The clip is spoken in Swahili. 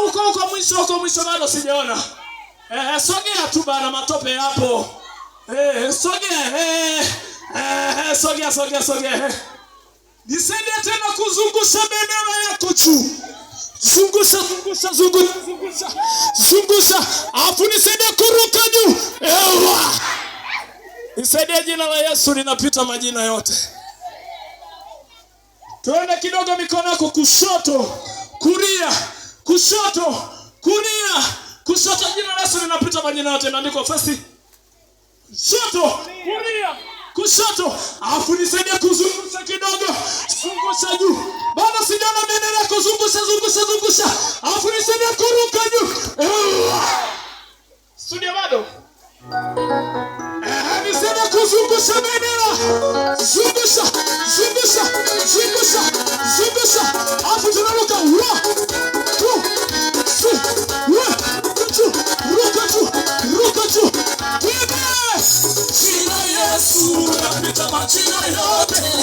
huko huko mwisho huko mwisho bado sijaona. Eh, eh, sogea tu bana, matope hapo. Eh, eh, sogea eh, eh, eh, sogea sogea sogea. Nisende tena kuzungusha bendera yako juu. Zungusha zungusha zungusha. Zungusha. Afu nisende kuruka juu. Ewa. Nisaidie, jina la Yesu linapita majina yote. Tuende kidogo, mikono yako kushoto, kulia kushoto, kulia, kushoto. Jina la Yesu linapita majina yote, imeandikwa fasi shoto, kulia, kushoto. Alafu nisaidie kuzungusha kidogo, zungusha juu. Bado sijana niendelea kuzungusha, zungusha, zungusha. Alafu nisaidie kuruka juu, studio bado nisaidie kuzungusha bendera, zungusha, zungusha, zungusha, zungusha, alafu tunaruka tunapita majina yote